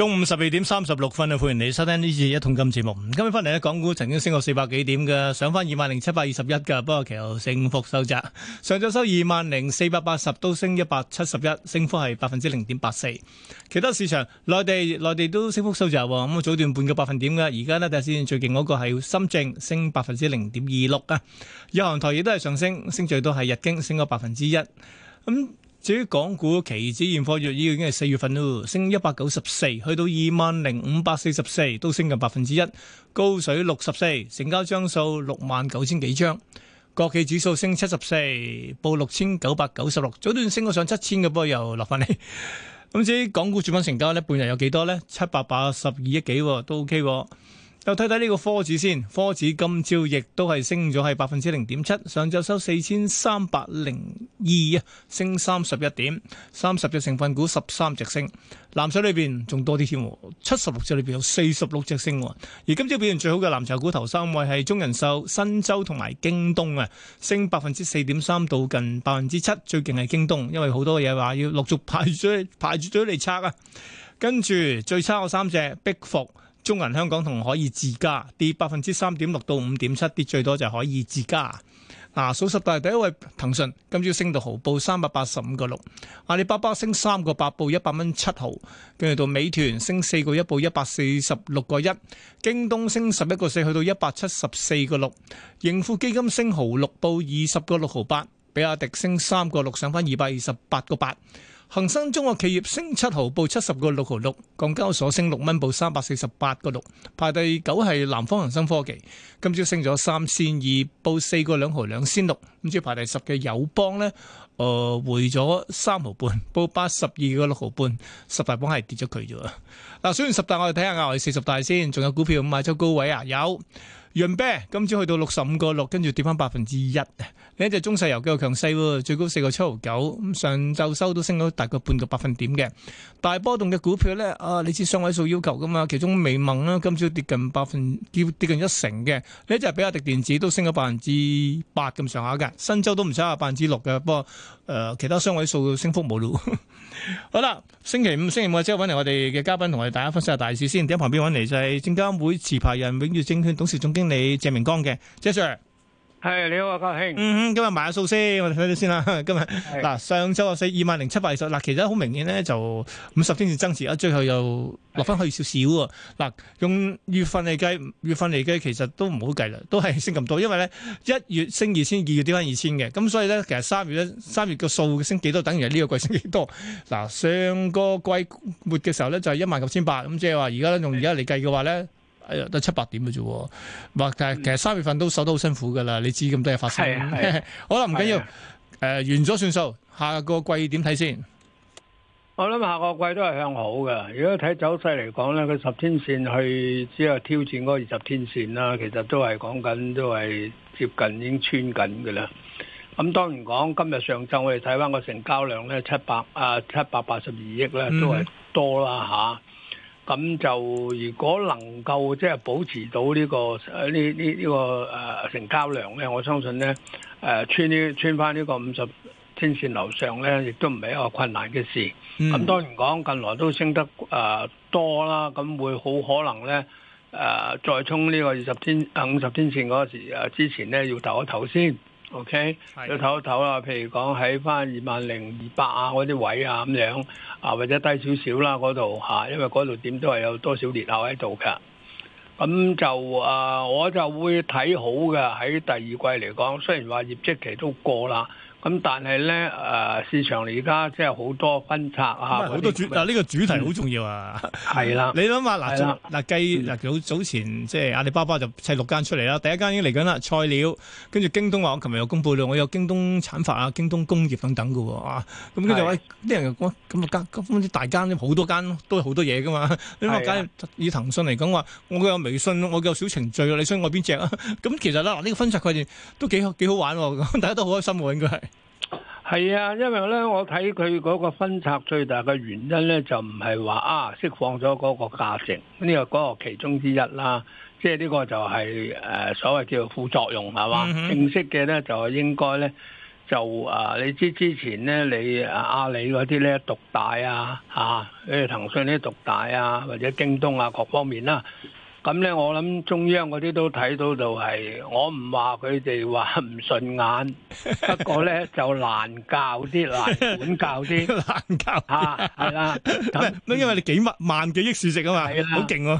中午十二點三十六分啊，歡迎你收聽呢次一桶金節目。今日翻嚟咧，港股曾經升過四百幾點嘅，上翻二萬零七百二十一嘅，不過其後升幅收窄，上晝收二萬零四百八十，都升一百七十一，升幅係百分之零點八四。其他市場，內地內地都升幅收窄，咁、嗯、啊早段半個百分點嘅，而家呢，睇下先，最近嗰個係深證，升百分之零點二六啊，日韓台亦都係上升，升最多係日經升個百分之一，咁、嗯。至於港股期指現貨月依、這個、已經係四月份啦，升一百九十四，去到二萬零五百四十四，都升近百分之一，高水六十四，成交張數六萬九千幾張，國企指數升七十四，報六千九百九十六，早段升過上七千嘅噃，又落翻嚟。咁至於港股主板成交呢，半日有幾多呢？七百八十二億幾，都 OK。又睇睇呢個科指先，科指今朝亦都係升咗，係百分之零點七。上晝收四千三百零二啊，升三十一點，三十隻成分股十三隻升。藍籌裏邊仲多啲添，七十六隻裏邊有四十六隻升。而今朝表現最好嘅藍籌股頭三位係中人壽、新洲同埋京東啊，升百分之四點三到近百分之七，最勁係京東，因為好多嘢話要陸續排住隊排住隊嚟拆啊。跟住最差嘅三隻，逼服。中銀香港同可以自加跌百分之三點六到五點七，跌最多就可以自加。嗱，數十大第一位騰訊今朝升到毫報三百八十五個六，阿里巴巴升三個八報一百蚊七毫，跟住到美團升四個一報一百四十六個一，京東升十一個四去到一百七十四個六，盈富基金升毫六報二十個六毫八，比亞迪升三個六上返二百二十八個八。恒生中國企業升七毫，報七十個六毫六；港交所升六蚊，報三百四十八個六。排第九係南方恒生科技，今朝升咗三千二，報四個兩毫兩仙六。今朝排第十嘅友邦呢，誒、呃，回咗三毫半，報八十二個六毫半。十大榜係跌咗佢咗。嗱，雖然十大我哋睇下外四十大先，仲有股票買咗高位啊？有。潤啤今朝去到六十五個六，跟住跌翻百分之一。呢一隻中石油比較強勢，最高四個七毫九，咁上晝收都升咗大概半個百分點嘅。大波動嘅股票咧，啊，你知雙位數要求噶嘛？其中美盟啦，今朝跌近百分跌跌近一成嘅。呢一隻比亞迪電子都升咗百分之八咁上下嘅，新洲都唔使啊百分之六嘅。不過誒、呃，其他雙位數升幅冇咯。 好啦，星期五星期五即係搵嚟我哋嘅嘉賓同我哋大家分析下大市先。點喺旁邊搵嚟就係證監會持牌人永業證券董事總經理，經理謝明光嘅謝 Sir，係你好啊，家兄。嗯哼，今日買下數先，我哋睇睇先啦。今日嗱，的上周六四二萬零七百二十。嗱，其實好明顯咧，就五十天線增持啊，最後又落翻去少少。嗱的，用月份嚟計，月份嚟計，其實都唔好計啦，都係升咁多。因為咧，一月升二千，二月跌翻二千嘅，咁所以咧，其實三月咧，三月嘅數升幾多，等於係呢個季升幾多。嗱，上個季末嘅時候咧，就係一萬九千八，咁即係話而家用而家嚟計嘅話咧。得七八點嘅啫，喎，但係其實三月份都守得好辛苦嘅啦。你知咁多嘢發生，好啦，唔緊要，誒完咗算數，下個季點睇先？我諗下個季都係向好嘅。如果睇走勢嚟講咧，佢十天線去只有挑戰嗰個二十天線啦。其實都係講緊，都係接近已經穿緊嘅啦。咁當然講今日上晝我哋睇翻個成交量咧，七百啊七百八十二億咧，都係多啦嚇。咁就如果能夠即係保持到呢、這個呢呢呢個誒、這個這個呃、成交量咧，我相信咧誒、呃、穿呢穿返呢個五十天線樓上咧，亦都唔係一個困難嘅事。咁、嗯、當然講近來都升得誒、呃、多啦，咁會好可能咧誒、呃、再衝呢個二十天誒五十天線嗰時之前咧要抖一抖先。O K，都唞一唞啦，譬如講喺翻二萬零二百啊嗰啲位啊咁樣啊，或者低少少啦嗰度嚇，因為嗰度點都係有多少裂口喺度嘅。咁就啊、呃，我就會睇好嘅喺第二季嚟講，雖然話業績期都過啦。咁但係咧，誒市場而家即係好多分拆啊！好多些主呢、呢個主題好重要啊！係啦，你諗下，嗱嗱計嗱早早前即係阿里巴巴就砌六間出嚟啦，第一間已經嚟緊啦，菜鳥跟住京東話我琴日又公佈啦，我有京東產發啊、京東工業等等嘅喎，咁跟住喂，啲人又講咁啊，加咁、啊哎、大間咧，好、那個那個、多間都有好多嘢噶嘛！你話梗係以騰訊嚟講話，我有微信，我有小程序，你想我邊隻啊？咁其實啦，呢、呢個分拆概念都幾幾好玩喎！大家都好開心喎、啊，應該係。係啊，因為咧，我睇佢嗰個分拆最大嘅原因咧，就唔係話啊釋放咗嗰個價值，呢個嗰個其中之一啦，即係呢個就係誒所謂叫副作用係嘛，mm hmm. 正式嘅咧就係應該咧就啊，你知之前咧，你阿里嗰啲咧獨大啊吓，跟住騰訊啲獨大啊，或者京東啊各方面啦。咁咧，我諗中央嗰啲都睇到就係，我唔話佢哋話唔順眼， 不過咧就難教啲啦，難管教啲難教。下， 係啦。唔係，因為你幾萬萬幾億市值啊嘛，好勁喎。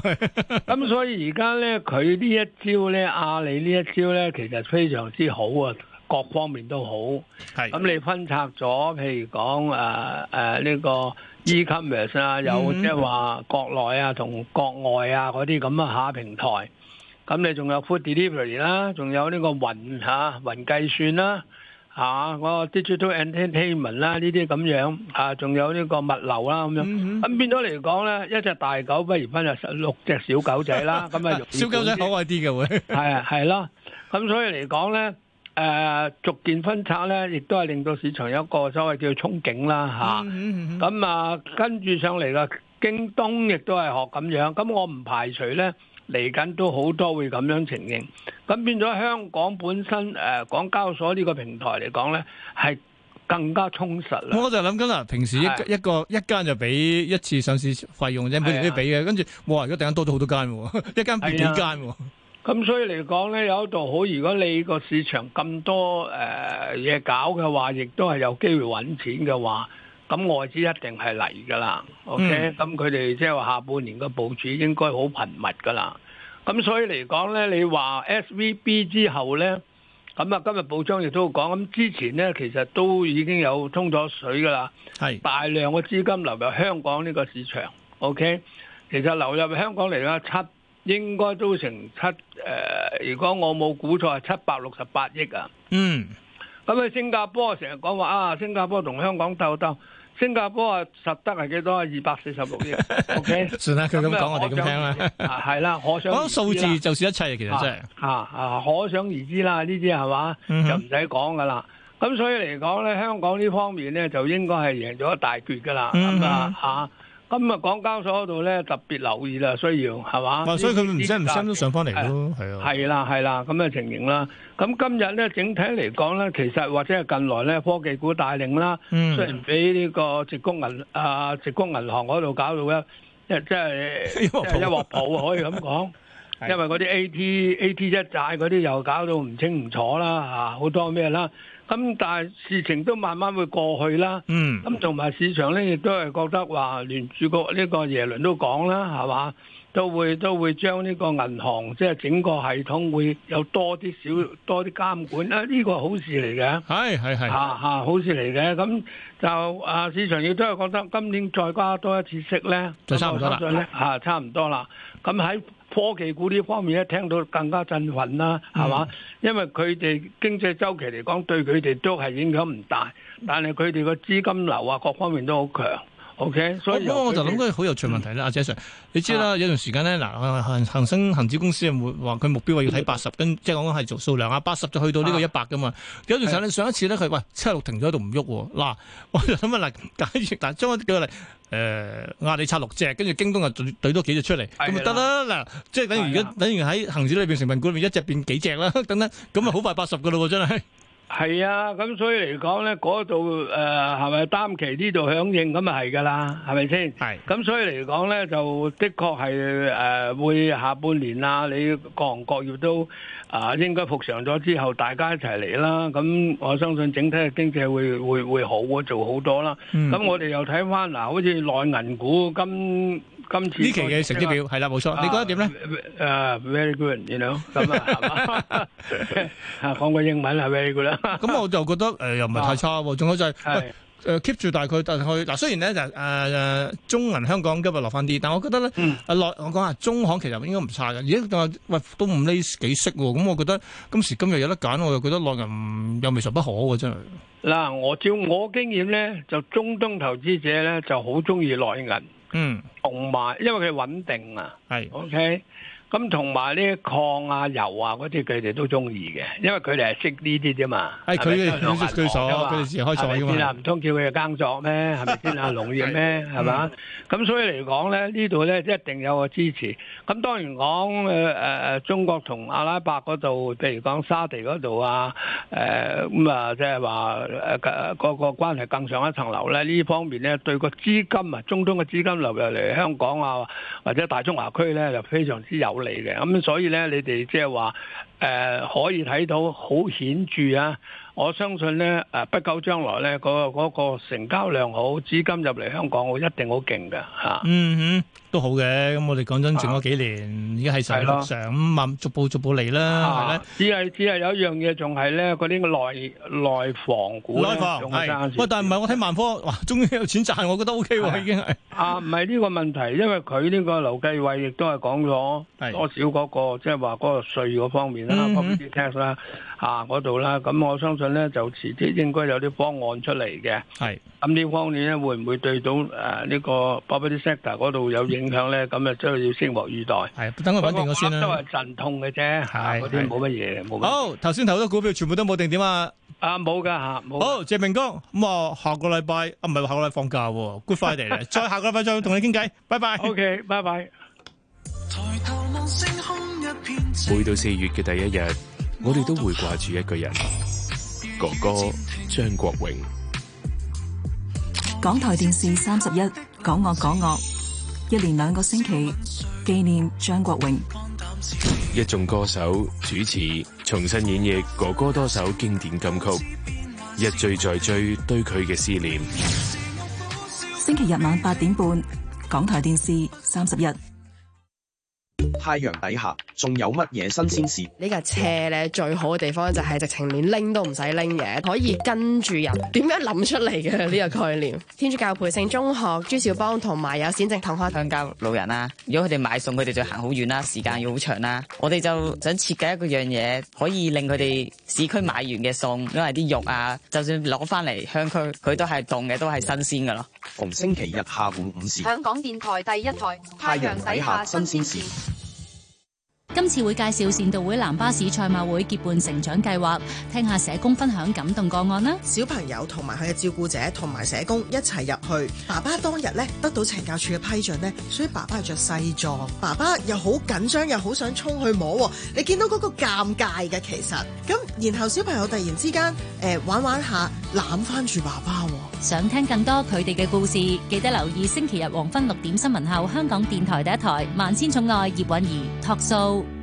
咁 所以而家咧，佢呢一招咧，阿里呢一招咧，其實非常之好啊。各方面都好，係咁你分拆咗，譬如講誒誒呢個 e-commerce 啊，啊這個 e、commerce，有即係話國內啊同國外啊嗰啲咁啊，下平台，咁你仲有 food delivery 啦、啊，仲有呢個雲吓雲計算啦，吓、啊、我、那個、digital entertainment 啦呢啲咁樣啊，仲有呢個物流啦咁樣，咁、啊啊、變咗嚟講咧，一隻大狗不如分就十六隻小狗仔啦，咁 啊，小狗仔可愛啲嘅會係係咯，咁所以嚟講咧。誒，uh, 逐件分拆咧，亦都係令到市場有一個所謂叫憧憬啦嚇。咁、嗯嗯、啊，跟住上嚟啦，京東亦都係學咁樣。咁我唔排除咧，嚟緊都好多會咁樣情形。咁變咗香港本身誒，港、呃、港交所呢個平台嚟講咧，係更加充實啦。我就諗緊啦，平時一個一個一間就俾一次上市費用啫，每年都要俾嘅。跟住哇，而家突然間多咗好多間喎，是啊、 一間變幾間喎、啊。咁所以嚟講咧，有一度好，如果你個市場咁多誒嘢、呃、搞嘅話，亦都係有機會揾錢嘅話，咁外資一定係嚟噶啦。OK，咁佢哋即係話下半年個部署應該好頻密噶啦。咁所以嚟講咧，你話 SVB 之後咧，咁啊今日報章亦都講，咁之前咧其實都已經有通咗水噶啦，係是大量嘅資金流入香港呢個市場。OK，其實流入香港嚟講七。應該都成七誒、呃，如果我冇估錯係七百六十八億啊！億嗯，咁啊，新加坡成日講話啊，新加坡同香港鬥鬥，新加坡啊實得係幾多啊？二百四十六億。O K，算啦，佢咁講我哋咁聽啦。係啦，可想嗰數字就是一切，其實真係。吓吓，可想而知啦，呢啲係嘛，就唔使講噶啦。咁、嗯、哼所以嚟講咧，香港呢方面咧就應該係贏咗一大橛噶啦。咁、嗯、哼啊吓。啊今日港交所嗰度咧特別留意啦，需要係嘛？所以佢唔使唔升都上翻嚟咯，係啊。係啦，係啦，咁嘅情形啦。咁今日咧，整體嚟講咧，其實或者係近來咧，科技股帶領啦。嗯。雖然俾呢個滬股銀啊，滬股銀行嗰度搞到咧，即係即係一鑊泡可以咁講。因為嗰啲 A T A T 一債嗰啲又搞到唔清唔楚啦，嚇好多咩啦。咁但係事情都慢慢會過去啦。嗯，咁同埋市場咧亦都係覺得話聯儲局呢個耶倫都講啦，係嘛？都會都會將呢個銀行即係、就是、整個系統會有多啲少多啲監管咧，呢、啊、個好事嚟嘅。係係係，嚇嚇、啊、好事嚟嘅。咁就啊，市場亦都係覺得今年再加多一次息咧，就差唔多啦。嚇，係，差唔多啦。咁喺科技股呢方面一聽到更加振奮啦，係嘛？因為佢哋經濟周期嚟講，對佢哋都係影響唔大，但係佢哋個資金流啊，各方面都好強。O K，所以我就諗個好有趣問題啦，阿姐 Sir，你知啦，有段時間咧，嗱，恆生恆指公司啊，會話佢目標話要睇八十，跟即係講緊係做數量啊，八十就去到呢個一百噶嘛。有段時間咧，上一次咧，佢喂七六停咗喺度唔喐喎。嗱，我就諗問嗱，解決，但將我舉例誒，我話你拆六隻，跟住京東又堆多幾隻出嚟，咁咪得啦。嗱，即係等於而家，等於喺恒指裏邊成分股裏邊一隻變幾隻啦。等等，咁啊好快八十㗎喇喎，真係。係啊，咁所以嚟講咧，嗰度誒係咪擔期呢度響應咁啊係㗎喇，係咪先？係，咁是所以嚟講咧，就的確係誒會下半年啊，你各行各業都。啊，應該復常咗之後，大家一齊嚟啦。咁我相信整體嘅經濟會會會好啊，做好多啦。咁我哋又睇翻嗱，好似內銀股今今次呢期嘅成績表係啦，冇錯。你覺得點咧？誒，very good，you know。咁啊，係嘛？啊，講個英文係 very good 啦。咁我就覺得誒，又唔係太差喎。仲有就係。誒，keep 住大概，但係佢嗱，雖然咧就誒，中銀香港今日落翻啲，但係我覺得咧，內我講下中行其實應該唔差嘅，而家喂都唔呢幾識，咁我覺得今時今日有得揀，我又覺得內銀又未嘗不可嘅真係。嗱，我照我經驗咧，就中東投資者咧就好中意內銀，嗯，同埋因為佢穩定啊，係 OK。咁同埋呢啲礦啊、油啊嗰啲，佢哋都中意嘅，因為佢哋係識呢啲啫嘛。係佢哋開始開始先啊？唔通叫佢哋耕作咩？係咪先啊？農業咩？係嘛？咁所以嚟講咧，呢度咧一定有個支持。咁當然講誒誒中國同阿拉伯嗰度，譬如講沙地嗰度啊，誒咁啊，即係話誒個個關係更上一層樓咧。呢方面咧，對個資金啊，中東嘅資金流入嚟香港啊，或者大中華區咧，就非常之有，常有。嚟嘅，咁所以咧，你哋即係話誒，可以睇到好顯著啊！我相信咧，誒不久將來咧，嗰嗰個成交量好，資金入嚟香港，我一定好勁㗎嚇。嗯哼，都好嘅。咁我哋講真，剩咗幾年，依家係常常咁啊，逐步逐步嚟啦，係只係只係有一樣嘢，仲係咧嗰啲內內房股，內房但唔係我睇萬科，哇，終於有錢賺，我覺得 O K 喎，已經係。啊，唔係呢個問題，因為佢呢個劉繼偉亦都係講咗多少嗰個，即係話嗰個稅嗰方面啦，個 VAT 啦，嚇嗰度啦。咁我相信。咧就遲啲應該有啲方案出嚟嘅，係是。咁呢方面咧會唔會對到誒呢、呃這個 public sector 嗰度有影響咧？咁啊，真係要拭目以待。係，等佢穩定咗先啦。都係陣痛嘅啫，係是。嗰啲冇乜嘢，冇。好，頭先投咗股票，全部都冇定點啊？啊，冇噶嚇，冇。好，謝明哥，咁、嗯、啊，下個禮拜啊，唔係下個禮放假喎、啊。Good Friday 再下個禮拜再同你傾偈，拜拜、okay。 OK，拜拜。抬頭望星空，一每到四月嘅第一日，我哋都會掛住一個人。哥哥張國榮，港台電視三十一，港樂港樂，一連兩個星期紀念張國榮，一眾歌手主持重新演繹哥哥多首經典金曲，一追再追對佢嘅思念。星期日晚八點半，港台電視三十一。太陽底下仲有乜嘢新鮮事？呢架車咧最好嘅地方就係直情連拎都唔使拎嘢，可以跟住人。點樣諗出嚟嘅，呢個概念？天主教培聖中學朱兆邦同埋有顯正同學。鄉郊老人啊，如果佢哋買餸，佢哋就行好遠啦，時間要好長啦。我哋就想設計一個樣嘢，可以令佢哋市區買完嘅餸，因為啲肉啊，就算攞翻嚟鄉區，佢都係凍嘅，都係新鮮噶咯。逢星期日下午五時，香港電台第一台。太陽底下新鮮事。今次會介紹善道會南巴士賽馬會結伴成長計劃，聽下社工分享感動個案啦。小朋友同埋佢嘅照顧者同埋社工一齊入去。爸爸當日咧得到懲教處嘅批准咧，所以爸爸係着西裝。爸爸又好緊張又好想衝去摸。你見到嗰個尷尬嘅其實，咁然後小朋友突然之間誒、呃、玩玩下攬翻住爸爸。想聽更多佢哋嘅故事，記得留意星期日黃昏六點新聞後，香港電台第一台《萬千寵愛葉儀》葉韻儀托數。